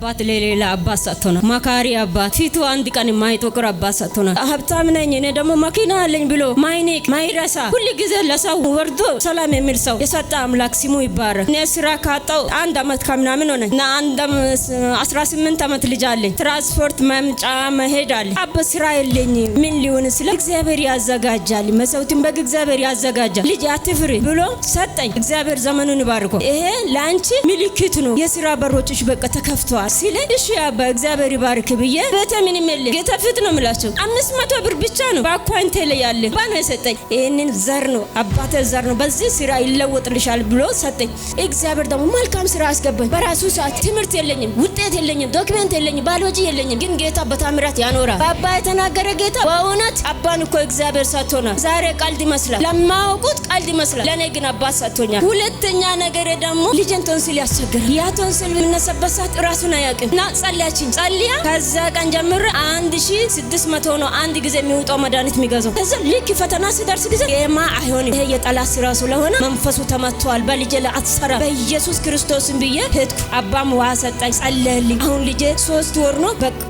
አባት ለሌላ አባት ሰጥቶናል። መካሪ አባት ፊቱ አንድ ቀን የማይጠቁር አባት ሰጥቶናል። ሀብታም ነኝ እኔ ደግሞ መኪና አለኝ ብሎ ማይኔቅ ማይረሳ ሁል ጊዜ ለሰው ወርዶ ሰላም የሚል ሰው የሰጠ አምላክ ስሙ ይባረክ። እኔ ስራ ካጣው አንድ አመት ከምናምን ሆነ እና አንድ አስራ ስምንት አመት ልጅ አለኝ። ትራንስፖርት መምጫ መሄድ አለ አበ ስራ የለኝ ምን ሊሆን ስለ እግዚአብሔር ያዘጋጃል። መሰውትን በግ እግዚአብሔር ያዘጋጃል። ልጅ አትፍሪ ብሎ ሰጠኝ። እግዚአብሔር ዘመኑን ይባርኮ። ይሄ ለአንቺ ምልክት ነው። የስራ በሮችሽ በቃ ተከፍተዋል። ሲለኝ እሺ አባ እግዚአብሔር ይባርክ ብዬ ቤተ ምንም የለ ጌታ ፊት ነው የምላቸው። አምስት መቶ ብር ብቻ ነው በአኳንቴ ላይ ያለ ባና የሰጠኝ። ይህንን ዘር ነው አባተ ዘር ነው በዚህ ስራ ይለወጥልሻል ብሎ ሰጠኝ። እግዚአብሔር ደግሞ መልካም ስራ አስገባኝ። በራሱ ሰዓት ትምህርት የለኝም፣ ውጤት የለኝም፣ ዶክመንት የለኝም፣ ባሎጂ የለኝም። ግን ጌታ በታምራት ያኖራል። በአባ የተናገረ ጌታ በእውነት አባን እኮ እግዚአብሔር ሰጥቶናል። ዛሬ ቀልድ ይመስላል፣ ለማያውቁት ቀልድ ይመስላል። ለእኔ ግን አባት ሰጥቶኛል። ሁለተኛ ነገር ደግሞ ልጅን ቶንስል ያስቸግራል። ያ ቶንስል የምነሰበት ሰዓት ራሱን አያውቅም እና ጸልያችን ጸልያ ከዛ ቀን ጀምሮ አንድ ሺ ስድስት መቶ ነው አንድ ጊዜ የሚውጠው መድኃኒት የሚገዛው። ከዛ ልክ ፈተና ሲደርስ ጊዜ የማ አይሆንም ይሄ የጠላት ስራ ስለሆነ መንፈሱ ተመቷል፣ በልጄ ላይ አትሰራ በኢየሱስ ክርስቶስን ብዬ ሄድኩ። አባም ውሃ ሰጠኝ፣ ጸለየልኝ። አሁን ልጄ ሶስት ወር ነው በቃ